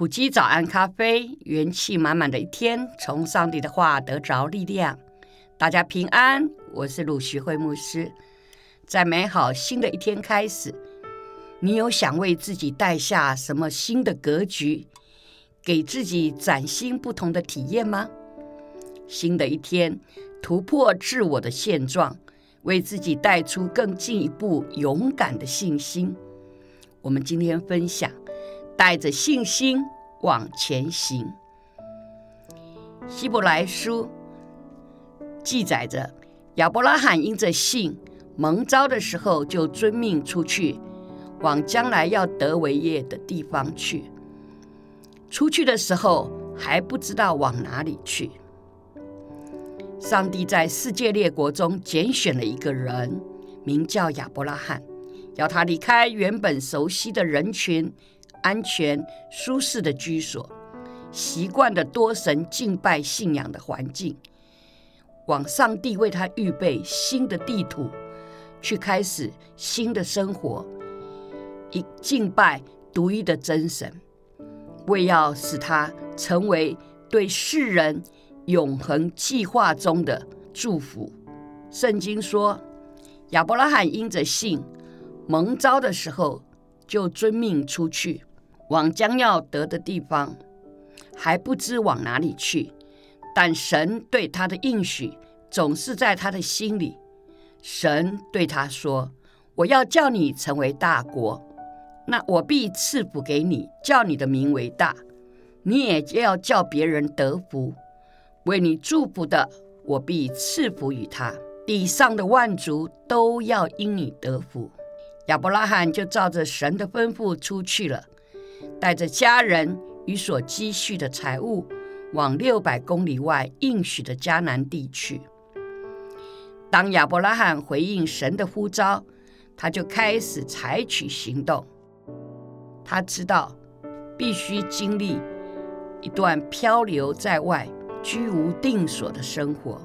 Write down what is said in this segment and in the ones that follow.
埔基早安咖啡，元氣滿滿的一天，從上帝的話得着力量。大家平安，我是魯學蕙牧師。在美好新的一天開始，你有想為自己帶下什麼新的格局，給自己嶄新不同的體驗嗎？新的一天，突破自我的現狀，為自己帶出更進一步勇敢的信心。我們今天分享，帶着信心往前行。希伯來書記載着，亞伯拉罕因着信蒙召的時候，就遵命出去，往將來要得為業的地方去。出去的時候還不知道往哪裡去。上帝在世界列國中揀選了一個人，名叫亞伯拉罕，要他離開原本熟悉的人群。安全舒適的居所，習慣的多神敬拜信仰的環境，往上帝為他預備新的地土，去開始新的生活，以敬拜獨一的真神，為要使他成為對世人永恆計劃中的祝福。聖經說，亞伯拉罕因着信蒙召的時候，就遵命出去。往將要得的地方，還不知往哪裡去。但神對他的應許，總是在他的心裡。神對他說：“我要叫你成為大國，那我必賜福給你，叫你的名為大。你也要叫別人得福。為你祝福的，我必賜福於他。地上的萬族都要因你得福。”亞伯拉罕就照着神的吩咐出去了。帶着家人與所積蓄的財物，往六百公里外應許的迦南地去。當亞伯拉罕回應神的呼召，他就開始採取行動。他知道必須經歷一段漂流在外、居無定所的生活，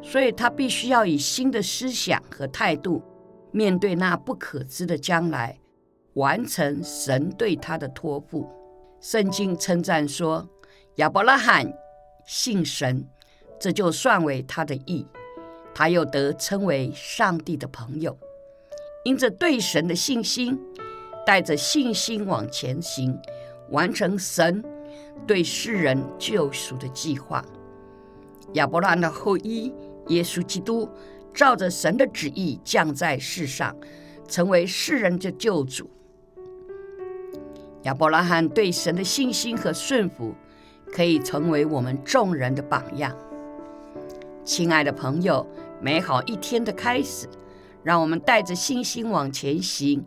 所以他必須要以新的思想和態度面對那不可知的將來。完成神對他的托付，聖經稱讚說：“亞伯拉罕信神，這就算為他的義；他又得稱為上帝的朋友。”因着對神的信心，帶着信心往前行，完成神對世人救贖的計劃。亞伯拉罕的後裔耶穌基督，照着神的旨意降在世上，成為世人的救主。亞伯拉罕對神的信心和順服，可以成為我們眾人的榜樣。親愛的朋友，美好一天的開始，讓我們帶着信心往前行，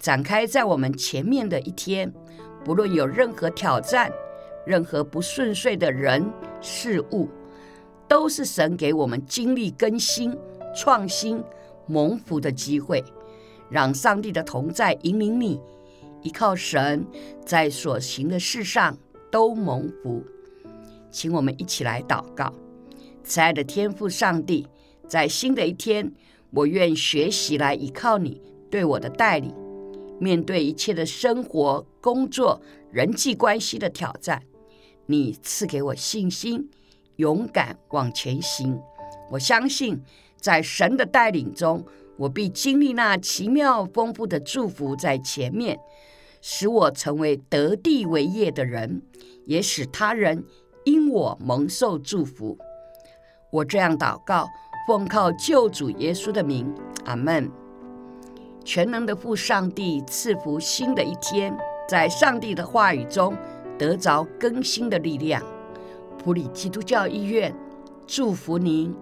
展開在我們前面的一天。不論有任何挑戰、任何不順遂的人事物，都是神給我們經歷更新、創新、蒙福的機會。讓上帝的同在引領你。依靠神，在所行的事上都蒙福。請我們一起來禱告，慈愛的天父上帝，在新的一天，我願學習來依靠你對我的帶領。面對一切的生活、工作、人際關係的挑戰，你賜給我信心，勇敢往前行。我相信，在神的帶領中，我必經歷那奇妙豐富的祝福在前面。使我成為得地為業的人，也使他人因我蒙受祝福。我這樣禱告，奉靠救主耶穌的名，阿門。全能的父上帝賜福新的一天，在上帝的話語中得着更新的力量。埔里基督教醫院祝福您。